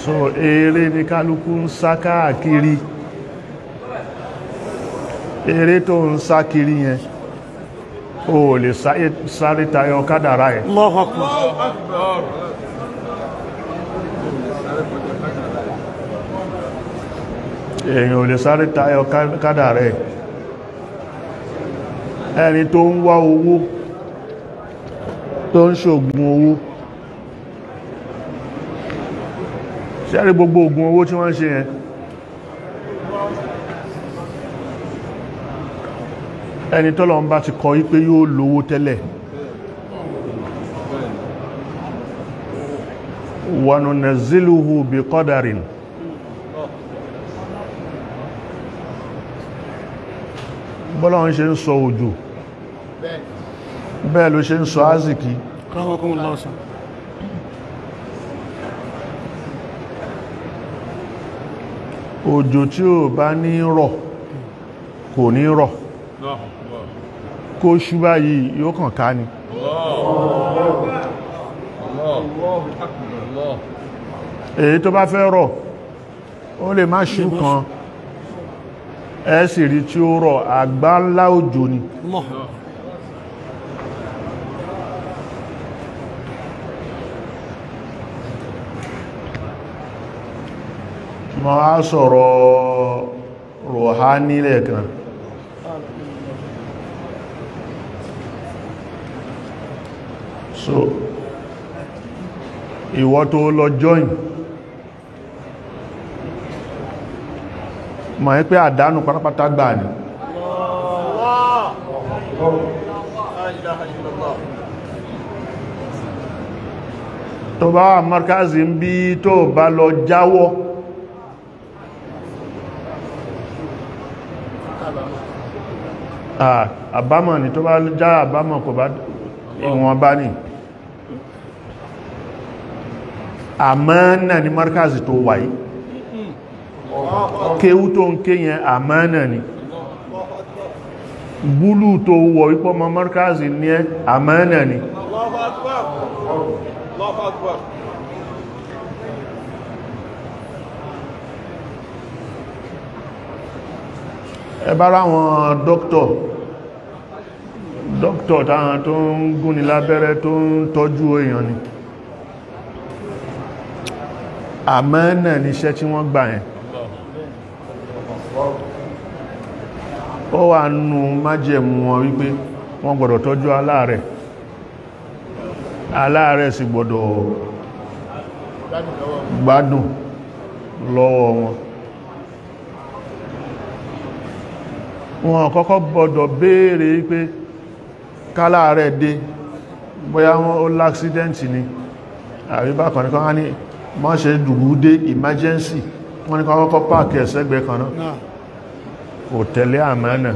so eré ní kálukú ń sá káàkiri eré tó ń sá kiri yẹn o lè e, sáré tayọ kádàrá ẹ̀ èyàn ò lè sáré tayọ kádàrá ẹ̀ ẹni tó ń wá owó tó ń ṣògùn owó ṣẹ́rí gbogbo ogun owó tí wọ́n ń ṣe yẹn ẹni tọ́lọ̀ ń bá ti kọ wípé yóò lówó tẹ́lẹ̀ wọnùnẹ̀zílùhù bí kọ́dàrin bọ́lá ń ṣe ń sọ òjò bẹ́ẹ̀ ló ṣe ń sọ ázìkí kọ́kọ́ lọ́sàn òjò tí ò bá ní rọ̀ kò ní rọ̀ kó ṣú báyìí yóò kàn ká ni èyí tó bá fẹ́ rọ̀ ó lè má ṣú kan ẹ sì rí tí ó rọ̀ àgbá ńlá òjò ni Allah. ma wá sọ̀rọ̀ rọ̀hání lẹ́ẹ̀kan so ìwọ tó lọ join ma ń pé àdánù pátápátá gbà ní tó bá markazi ń bí tó bá lọ jáwọ́ Ah, àbámọ̀ ni tó bá já àbámọ̀ kò bá ìwọ̀n bá ní àmánà ni markazi tó wáyé kéwú tó ń ké yẹn àmánà ni búlù tó wọ̀ wípọ́ mọ́ markazi ní àmánà ni ẹbára àwọn dókítọ̀ dókítọ̀ táwọn tó ń gúnni lábẹ́rẹ́ tó ń tọ́jú èèyàn ni àmọ́ náà ni iṣẹ́ tí wọ́n gbà yẹn ó wà nù májẹ̀mú wọn wípé wọ́n gbọ́dọ̀ tọ́jú aláàrẹ̀ aláàrẹ̀ sì gbọ́dọ̀ gbádùn lọ́wọ́ wọn wọn kọ́kọ́ gbọ́dọ̀ béèrè pé kálà rẹ̀ dé bóyá wọn ó láksídẹ́ntì ni àríbákan nìkan á ní mọ́ ṣe dùgbú dé emergency wọ́n ní kọ́kọ́ pààkì ẹ̀sẹ́gbẹ́ kan náà kò tẹ̀lé àmánà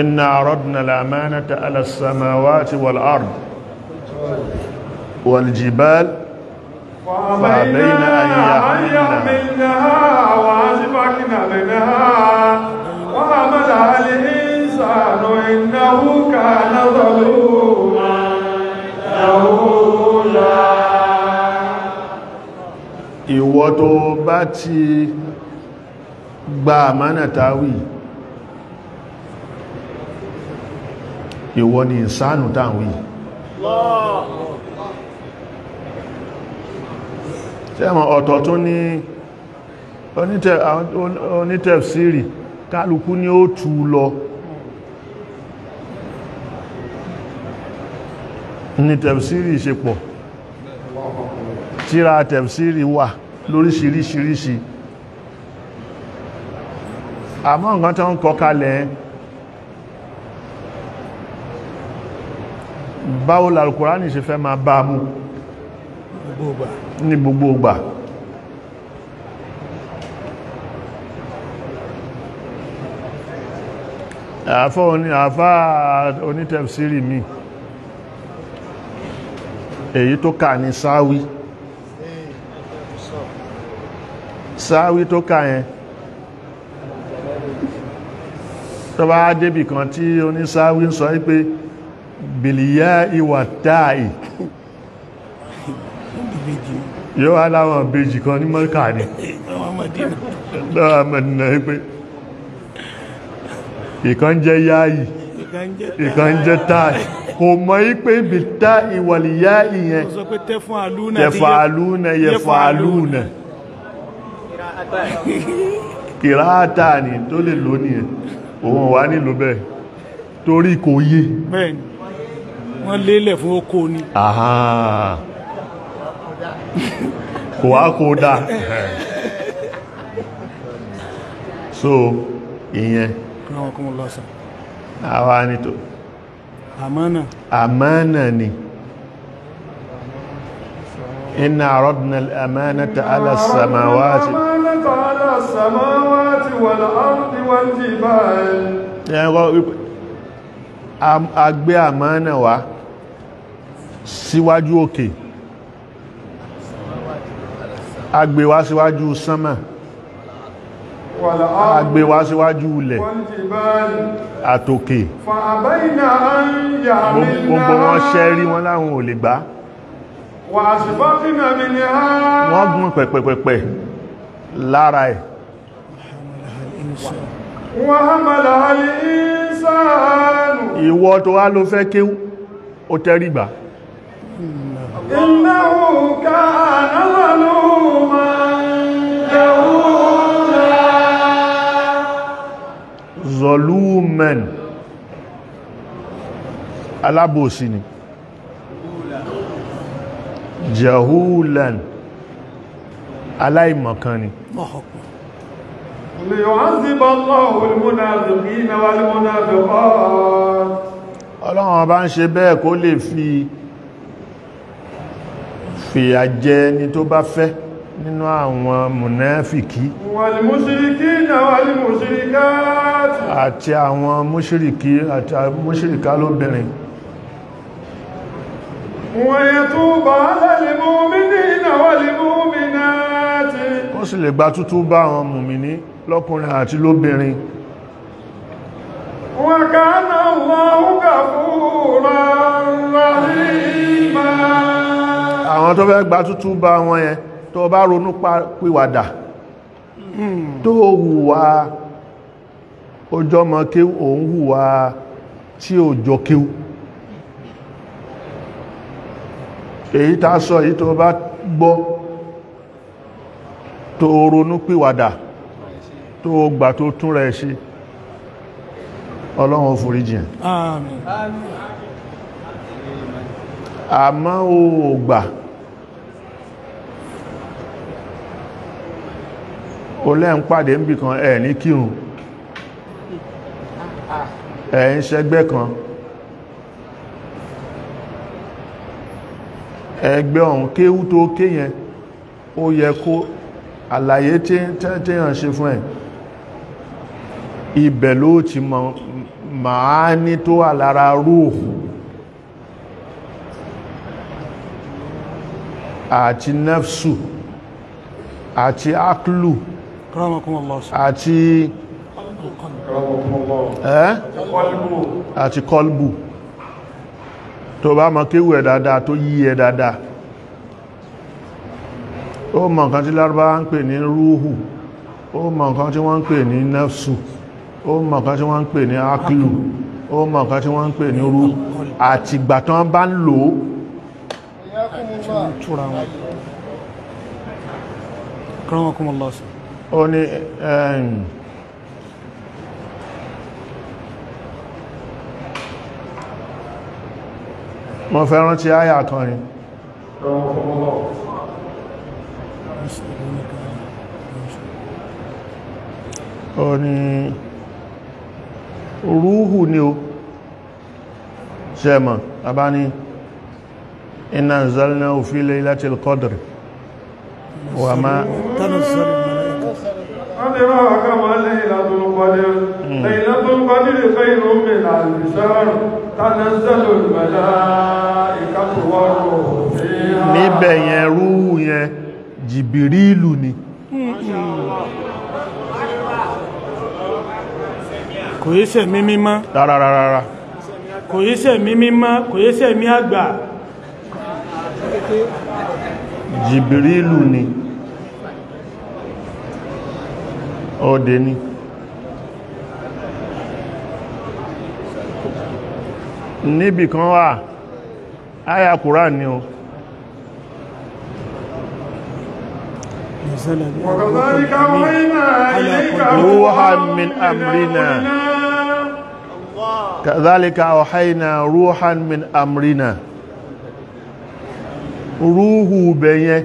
إن عرضنا الأمانة على السماوات والأرض والجبال وأبينا أن يحملنها وأشفقنا منها وحملها الإنسان إنه كان ظلوما جهولا ìwọ tó bá ti gba àmánà táwì ìwọ ni ìsánù táwì Allah sẹ́mọ̀ ọ̀tọ̀ tó ní onítẹ̀fsírì kálukú ní ó tú lọ ní tẹ̀fsírì ìṣepọ̀ tíra tẹ̀fsírì wà lóríṣiríṣiríṣi àmọ́ nǹkan tó ń kọ kalẹ̀ báwo làlùkùránì ṣe fẹ́ máa bá mú ní gbogbo ìgbà àfá onítẹ̀fsírì mi èyí tó kà ní sáwí sáwí tó kà yẹn tó bá débì kan tí onísáwí ń sọ wípé bìlìyà ìwà táà yóò wá láwọn ìbejì kan ní mọ́ríkà ní lọ́wọ́ mọ̀dínà pé ìkan jẹ́ yáyì ìkan jẹ́ táì kò mọ̀ ípé ibi tá ìwàlìyá ìyẹn yẹfàálúnà yẹfàálúnà ìráátà ní tó lè lónìí ẹ̀ òun wà nílò bẹ́ẹ̀ torí kò yé wọ́n lélẹ̀ fún oko ni. Aha kò wá kó dáa so ìyẹn àwa ni tó àmánà àmánà ni inna àrọ́dùnà àmánà ta'ala samawati a gbé àmánà wá síwájú òkè okay agbèwá síwájú sánmà agbèwá síwájú ilẹ̀ àtòkè gbogbo wọn ṣẹ́ rí wọn láhùn ò lè gbá wọ́n gún pẹ̀pẹ̀pẹ̀pẹ̀ lára ẹ̀ ìwọ tó wá ló fẹ́ kéwú ó tẹ́rígbà innahu kana zọlúmẹ̀n alábòsí ni jahulan aláìmọ̀kan ni ọlọ́run ọba ń ṣe bẹ́ẹ̀ kó lè fi fìyà jẹ ni tó bá fẹ́ nínú àwọn mùnáfìkí àti àwọn mùṣírìkí àti mùṣírìká lóbìnrin ó sì lè gba tútú bá àwọn mùmìní lọ́kùnrin àti lóbìnrin wa kana Allahu ghafuran rahima àwọn tó fẹ́ gba tútú bá wọn yẹn tó bá ronú pìwàdà tó hùwà ojọ́mọ kéwú òun hùwà tí ò jọ kéwú èyí tá sọ èyí tó bá gbọ́ tó ronú pìwàdà tó gbà tó tún rẹ̀ ṣe ọlọ́run ó foríjì àmín àmọ́ ó gbà olẹ́ ń pàdé ń bì kan ẹ̀ ní kírun ẹ̀ ń ṣẹgbẹ́ kan ẹgbẹ́ ọ̀hún kéwú tó kéyẹn ó yẹ kó àlàyé téèyàn ṣe fún ẹ̀ ibẹ̀ ló ti màá ní tó wà lára àti nefsu àti aklu àti àti kọlbù tó bá mọ̀ kéwù ẹ̀ dáadáa tó yí ẹ̀ dáadáa ó mọ̀ nǹkan tí lárúbá ń pè ní rúhù ó mọ̀ nǹkan tí wọ́n ń pè ní nafsu ó mọ̀ nǹkan tí wọ́n ń pè ní akílù ó mọ̀ nǹkan tí wọ́n ń pè ní rú àti ìgbà tán bá ń lò ó kọ́nà kọ́nà lọ́sùn ó ní mo fẹ́ rántí àyà kan ni ó ní rúhù ni ó ṣẹ́mọ̀ àbá ní inna anzalnahu fi laylatil qadr wa ma tanzalna أدراك ما ليلة القدر ليلة القدر خير من ألف شهر تنزل الملائكة والروح فيها níbẹ̀ yẹn rú yẹn jìbìrìlù ni kò yí sẹ̀mí mímọ́ rárárárá kò yí sẹ̀mí mímọ́ kò yí sẹ̀mí àgbà jìbìrìlù ni ọdẹ ni níbì kan wà àyà kùrán ni o وكذلك أوحينا إليك روحا من أمرنا كذلك أوحينا روحا من أمرنا rúhù bẹ̀yẹn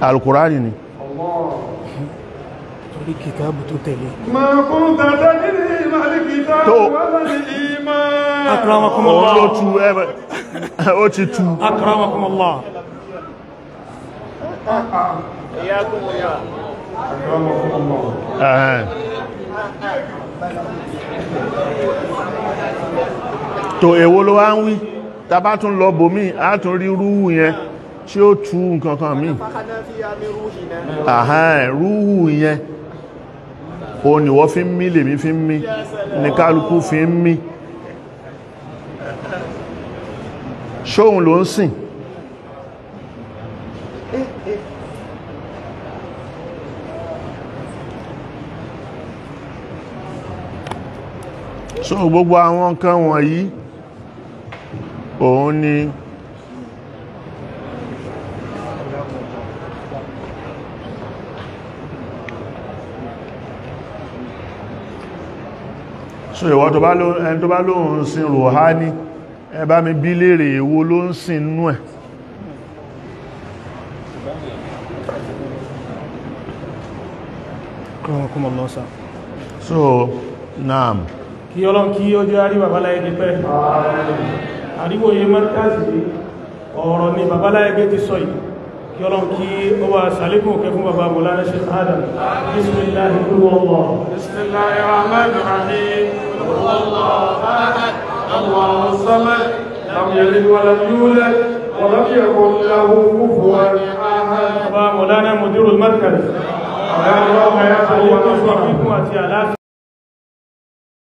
alkùránì ni torí kìtàbù tó tẹ̀lé. tó akramakumullah ó tu ẹ̀rẹ̀ ó ti tu akramakumullah. tó èwo ló wá ń wí tá bá tún lọ bòmí á tún rí rúwù yẹn tí ó tú nǹkan kan mí àhán rúhù yẹn o ni wọ́n fi ń mí lèmi fi ń mí ní kálukú fi ń mí ṣóhun ló ń sìn so gbogbo àwọn nǹkan wọ̀nyí òun ni so ìwọ tó bá lóhun tó bá lóhun sin rohani ẹ bá mi bí léèrè èwo ló ń sin nú ẹ̀ so naam kí ọlọ́n kí ó jẹ́ àrí babaláyé pẹ́ àríwòye mọ́tàzì ọ̀rọ̀ ni babaláyé ti sọ yìí kí ọlọ́n kí ó wà sàlékùn òkè fún bàbá Mọ́lánà Sheikh Adam Bismillah bismillahirrahmanirrahim هو الله احد الله الصمد لم يلد ولم يولد ولم يكن له كفوا احد مولانا مدير المركز يا رب